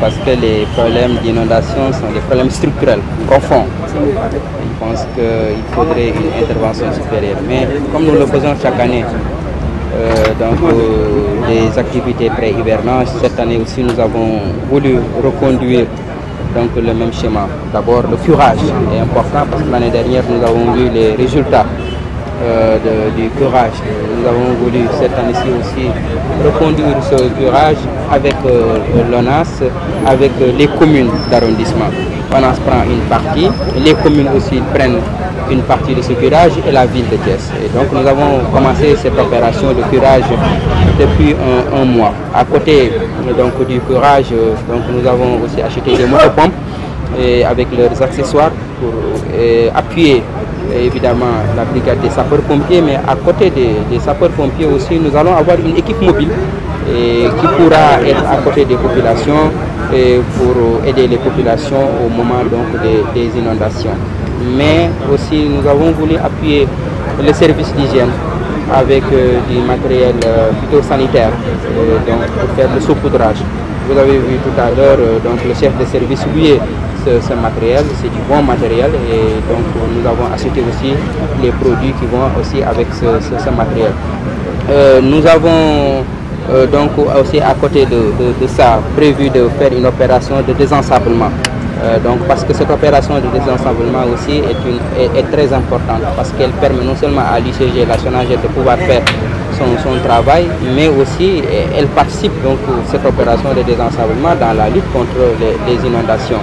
parce que les problèmes d'inondation sont des problèmes structurels, profonds. Je pense qu'il faudrait une intervention supérieure. Mais comme nous le faisons chaque année, euh, donc euh, activités pré hivernantes cette année aussi nous avons voulu reconduire donc, le même schéma. D'abord, le furage est important parce que l'année dernière nous avons vu les résultats euh, du curage. Nous avons voulu cette année-ci aussi reconduire ce curage avec euh, l'ONAS, avec euh, les communes d'arrondissement. L'ONAS prend une partie, les communes aussi prennent une partie de ce curage et la ville de Thiès. Et donc nous avons commencé cette opération de curage depuis un, mois. À côté donc, du curage, donc, nous avons aussi acheté des motopompes et avec leurs accessoires pour appuyer évidemment la brigade des sapeurs-pompiers, mais à côté des, sapeurs-pompiers aussi, nous allons avoir une équipe mobile qui pourra être à côté des populations et pour aider les populations au moment donc des, inondations. Mais aussi, nous avons voulu appuyer les services d'hygiène avec euh, du matériel euh, phytosanitaire euh, donc, pour faire le saupoudrage. Vous avez vu tout à l'heure donc le chef de service lui ce, matériel, c'est du bon matériel et donc nous avons acheté aussi les produits qui vont aussi avec ce, matériel. Euh, nous avons euh, donc aussi à côté de, ça prévu de faire une opération de désensablement. Euh, donc parce que cette opération de désensablement aussi est, très importante parce qu'elle permet non seulement à l'ICG, la de pouvoir faire son, travail, mais aussi elle participe donc cette opération de désensablement dans la lutte contre les inondations.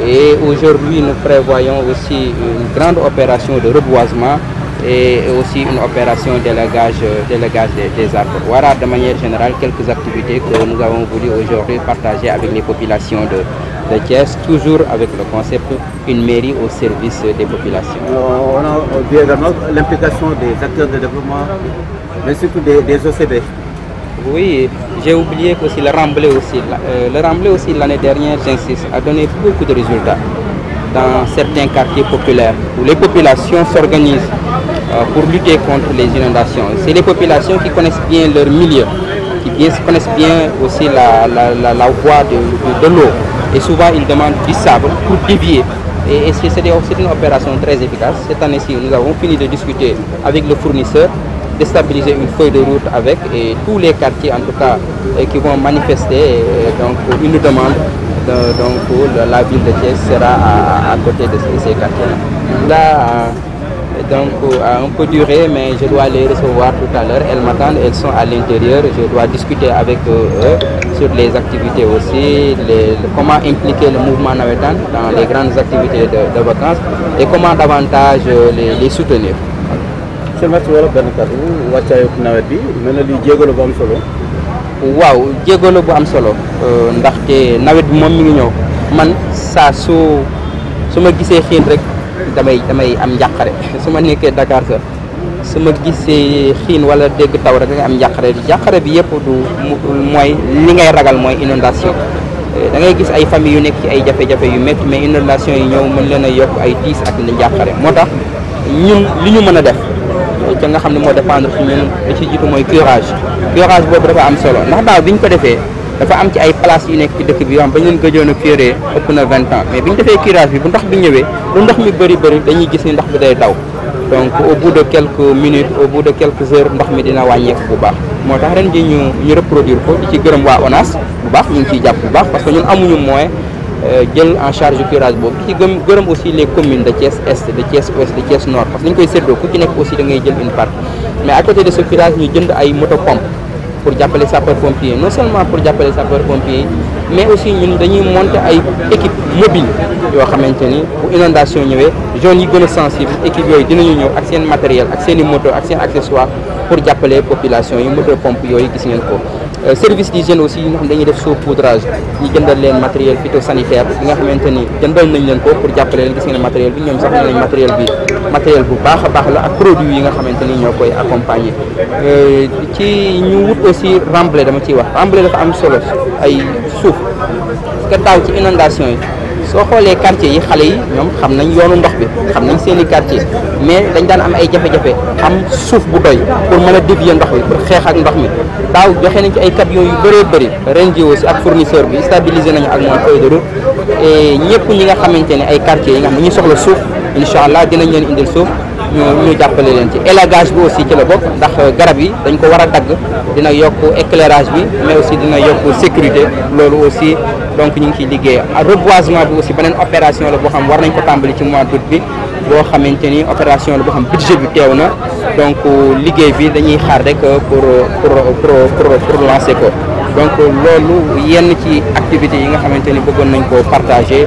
Et aujourd'hui, nous prévoyons aussi une grande opération de reboisement et aussi une opération délagage, délagage des, arbres. Voilà de manière générale quelques activités que nous avons voulu aujourd'hui partager avec les populations de, de Thiès, toujours avec le concept une mairie au service des populations. On a également l'implication des acteurs de développement, mais surtout des, des OCB. Oui, j'ai oublié aussi le remblai aussi. Euh, le remblai aussi l'année dernière, j'insiste, a donné beaucoup de résultats dans certains quartiers populaires où les populations s'organisent euh, pour lutter contre les inondations. C'est les populations qui connaissent bien leur milieu, qui connaissent bien aussi la, la, voie de, l'eau. Et souvent, ils demandent du sable pour dévier. Et, et c'est une opération très efficace. Cette année-ci, nous avons fini de discuter avec le fournisseur déstabiliser une feuille de route avec et tous les quartiers en tout cas qui vont manifester donc une demande de, donc la ville de Thiès sera à, côté de ces, quartiers -là. Euh, donc a euh, un peu duré, mais je dois les recevoir tout à l'heure. Elles m'attendent, elles sont à l'intérieur. Je dois discuter avec euh, eux sur les activités aussi, comment impliquer le mouvement navetan dans les grandes activités de, vacances et comment davantage les soutenir. monsieur le maître wala benn kàddu wàccaayu nawet bi mel na lii jéegalu bu solo. waaw jéegalu bu am solo. Euh, ndaxte nawet bi moom mi ñëw man saa su su ma gisee xiin rek damay damay am njàqare su ma nekkee Dakar sax su ma gisee xiin wala dégg taw rek dangay am njàqare njàqare bi yëpp du mooy li ngay ragal mooy inondation euh, da ngay gis ay famille yu nekk ci ay jafe-jafe yu métti mais inondation yi ñëw mën leen a yokk ay tiis ak njàqare moo tax ñun li ñu mën a def. ca nga xam ne moo dépendre ci ñun da ci jiitu mooy curage curage boobu dafa am solo ndax daaw bi ñu ko defee dafa am ci ay place yu nekk ci dëkk bi yoo xam ba ñu leen gëjoon a curé ëpp na vingt ans mais bi ñu defee curage bi bu ndox bi ñëwee lu ndox mi bëri bëri dañuy gis ni ndox bi day daw donc au bout de quelques minutes au bout de quelques heures ndox mi dina wàññeeku bu baax moo tax ren ji ñu ñu reproduire ci gërëm waa ONAS bu baax ñu ngi ciy jàpp bu baax parce que ñun amuñu moyen jël en charge curage boobu ci gëm gërëm aussi les communes de Thiès Est de Thiès Ouest de Thiès Nord parce que dañ koy séddoo ku ci nekk aussi da jël une part mais à côté de ce ñu jënd ay moto pour jàppale sapeur pompier non seulement pour jàppale sapeur pompier mais aussi ñun dañuy monter ay équipe mobile yoo xamante maintenir bu inondation ñëwee zones yi gën sensible équipe yooyu dinañu ñëw ak seen matériel ak seen moto ak seen accessoire pour jàppale population yi moteur pompe qui gis ngeen ko euh, service d'hygiène aussi nous avons des dañuy def saupoudrage ñu jëndal leen matériel phytosanitaire bi nga xamante ni jëndal nañ leen ko pour appeler leen gis ngeen matériel bi ñoom sax nee nañ matériel bi matériel bu baax baax la ak produit yi nga xamante euh, ci aussi remblai dama ciy wax remblai dafa am solo ay suuf parce que daaw ci inondation yi soo xoolee quartier yi xale yi ñoom xam nañ yoonu ndox bi xam nañ seen i quartier mais dañ daan am ay jafe-jafe am suuf bu doy pour mën a dévier ndox bi pour xeex ak ndox mi daaw joxe nañ ci ay camions yu bëree bëri ren jii aussi ak fournisseur bi stabiliser nañu ak moom feuille de route ñëpp ñi nga xamante ne ay quartiers yi nga xam ne ñu soxla suuf incha allah dinañ leen indil suuf ñu ñu jàppale leen ci élagage bi aussi ci la bokk ndax garab yi dañ ko war a dagg dina yokk éclairage bi mais aussi dina yokk sécurité loolu aussi donc ñu ngi ciy liggéey reboisement bi aussi beneen opération la boo xam war nañ ko tàmbali ci mois d'août bi boo xamante ni opération la boo xam budget bi teew na donc liggéey bi dañuy xaar rek pour pour pour pour lancer ko donc loolu yenn ci activités yi nga xamante ni bëggoon nañ ko partager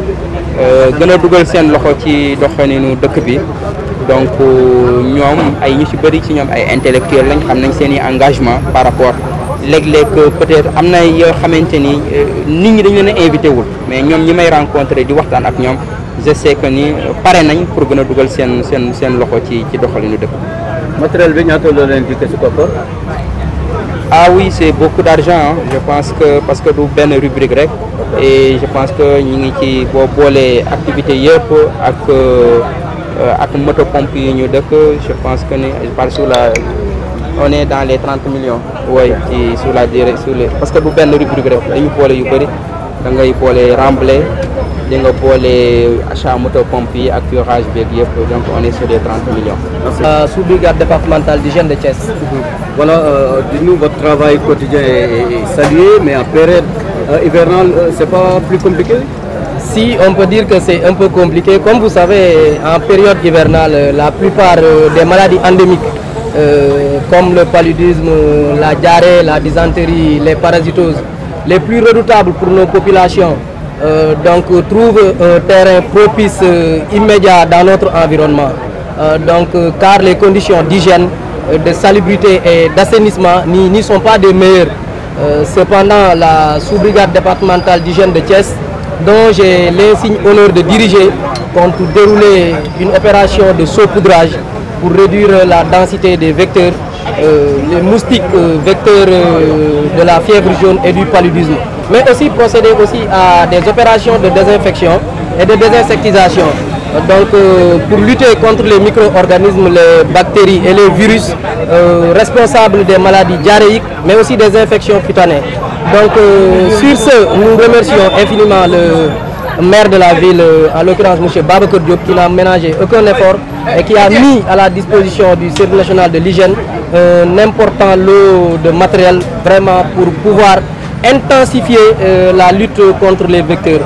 gëna euh, duggal seen loxo ci doxalinu dëkk bi donc euh, ñoom ay ñu ci bëri ci ñoom ay intellectuels lañ xam nañ seen i engagement par rapport léeg-léeg euh, peut-être am na yoo xamante ni nit ñi dañu leen a invité wul mais ñoom ñi may rencontré di waxtaan ak ñoom je sais que ni pare nañ pour gën a dugal seen seen seen loxo ci ci doxalinu dëkk matériel bi ñaata la leen di ci Ah oui, c'est beaucoup d'argent. Je pense que parce que du benn rubrique rek et je pense que ñu ngi ci boo boolee activité yëpp ak euh, ak moto pompe yi ñu dëkk je pense que ni par sur la on dans les trente millions. oui ci sur la durée sur parce que du benn rubrique rek dañu boole yu bëri da ngay boole remblai. les achats motopompiers, achat moto donc on est sur les 30 millions. Sous euh, sous brigade départementale d'hygiène de Thiès. Mhm. voilà euh, nous votre travail quotidien est salué mais en période euh, hivernale c'est pas plus compliqué. Si on peut dire que c'est un peu compliqué, comme vous savez, en période hivernale, la plupart des maladies endémiques, comme le paludisme, la diarrhée, la dysenterie, les parasitoses, les plus redoutables pour nos populations, euh, donc, trouve un terrain propice euh, immédiat dans notre environnement. Euh, donc, car les conditions d'hygiène, de salubrité et d'assainissement n'y sont pas des meilleures. cependant, la sous-brigade départementale d'hygiène de Thiès, dont j'ai l'insigne honneur de diriger, compte dérouler une opération de saupoudrage pour réduire la densité des vecteurs, euh, les moustiques euh, vecteurs euh, de la fièvre jaune et du paludisme. Mais aussi procéder aussi à des opérations de désinfection et de désinsectisation. Donc, pour lutter contre les micro-organismes, les bactéries et les virus responsables des maladies diarrhéiques, mais aussi des infections cutanées. Donc, sur ce, nous remercions infiniment le, maire de la ville, euh, en l'occurrence M. Babakour Diop, qui n'a ménagé aucun effort et qui a mis à la disposition du Service national de l'hygiène un important lot de matériel vraiment pour pouvoir intensifier euh, la lutte contre les vecteurs.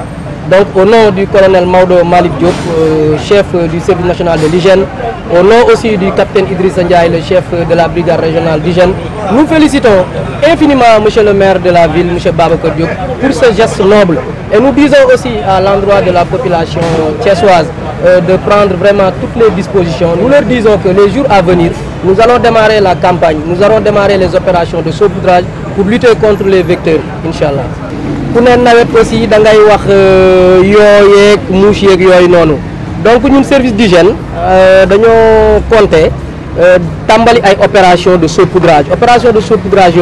Donc au nom du colonel Maudo Malik Diop, euh, chef du service national de l'hygiène, au nom aussi du capitaine Idriss Ndiaye, le chef de la brigade régionale d'hygiène, nous félicitons infiniment M. le maire de la ville, M. Babacar Diop, pour ce geste noble et nous disons aussi à l'endroit de la population tiessoise euh, de prendre vraiment toutes les dispositions. Nous leur disons que les jours à venir, nous allons démarrer la campagne, nous allons démarrer les opérations de saupoudrage pour lutter contre les vecteurs, Inch'Allah. Pour nous aussi, euh, donc le service d'hygiène nous euh, compter tàmbali ay opérations de saupoudrage opération de saupoudrage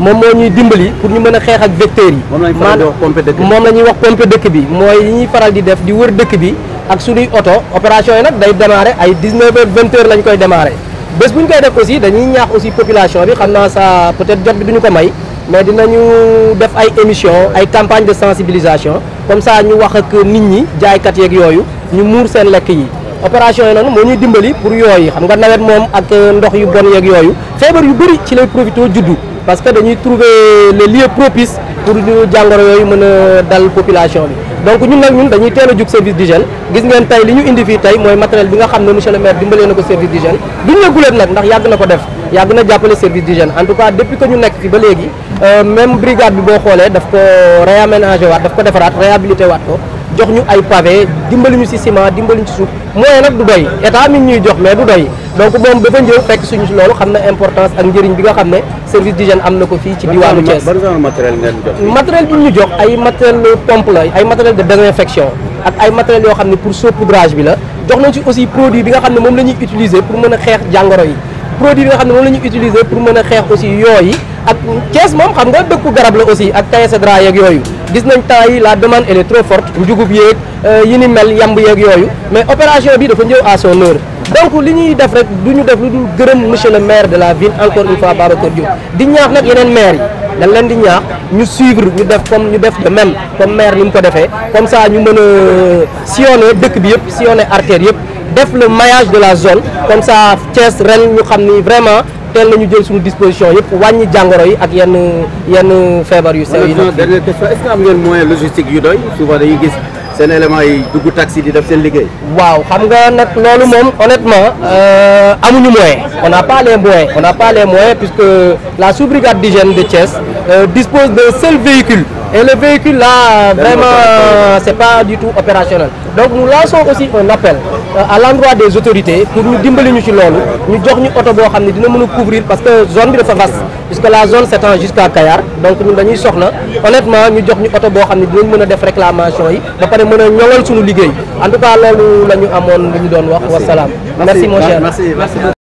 mom moñuy dimbali pour ñu mëna a ak vecteur yi. mom lañuy wax pompe dëkk bi moy yi ñuy faral di def di wër dëkk bi ak suñuy auto opération yi nak day démarré ay 19 h 20 h lañ koy démarré bës buñ koy def aussi dañuy ñaax aussi population bi xamna ça peut-être jot bi duñu ko may mais dinañu def ay émission ay campagne de sensibilisation comme ça ñu wax ak nit ñi jaaykat yeeg yoyu ñu mur seen lek yi. opération yi noonu moo ñuy dimbali pour yooyu xam nga nawet moom ak euh, ndox yu bon yeeg yooyu feebar yu bëri ci lay profité juddu parce que dañuy trouver les lieux propices pour ñu jàngoro yooyu mën a dal population bi donc ñun nag ñun dañuy teel a jug service d'hygiène gis ngeen tey li ñu indi fii tey mooy matériel bi nga xam ne monsieur le maire dimbalee na ko service d'hygiène duñ la guleet nag ndax yàgg na ko def yàgg na jàppale service d'hygiène en tout cas depuis que ñu nekk fi ba léegi euh, même brigade bi boo xoolee daf ko réaménagé waat daf ko defaraat réhabilité waat ko jox ñu ay pavé dimbali ñu ci ciment dimbali ñu ci suuf moyen nag du doy état mi ñuy jox mais du doy donc moom dafa njëw fekk suñu loolu xam na importance ak njëriñ bi nga xam ne service d'hygiène am na ko fii ci diwaanu Thiès matériel ngeen jox matériel bi ñu jox ay matériel pompe la ay matériel de désinfection ak ay matériel ne pour saupoudrage bi la jox nañ ci aussi produit bi nga xam ne moom la ñuy pour mën a xeex yi produit bi nga xam ne moom utiliser pour mën a aussi yoy ak Thiès moom xam nga deuk garab la aussi ak taesadra ak yooyu gis nañ tay la demande elle est trop forte njugub yeeg euh, yini mel yamb yeeg yooyu mais opération bi dafa ñeu à son heure donc li ñuy def rek du ñu def lu dul gërëm monsieur le maire de la ville encore une fois Babacar Diop di ñaax nag yeneen maire yi dañ leen di ñaax ñu suivre ñu def comme ñu def de même comme maire ni mu ko defee comme sa ñu mën a sillonner dëkk bi yëpp sillonner artère yëpp def le maillage de la zone comme ça Thiès ren ñu xam ni vraiment teel ñu jël suñu disposition yëpp wàññi jàngoro yi ak yenn yenn feebar yu sew yi. dernière question est-ce que am ngeen moyen logistique yu doy dañuy gis. un élément yi dugg taxi di def seen liggéey. waaw xam nga nak lolu mom honnêtement euh, amuñu moyen on n'a pas les moyens on n'a pas les moyens puisque la sous-brigade d'hygiène de Thiès euh, dispose d'un seul véhicule. Et le véhicule là, vraiment, euh, c'est pas du tout opérationnel. Donc nous lançons aussi un appel euh, à l'endroit des autorités pour nous dire nous ci loolu ñu jox nous couvrir parce que zone de puisque la zone s'étend jusqu'à Kayar donc nous dañuy soxla honnêtement nous jox ñu nous de nous ne dinañ def réclamation en tout cas nous nous lu merci mon cher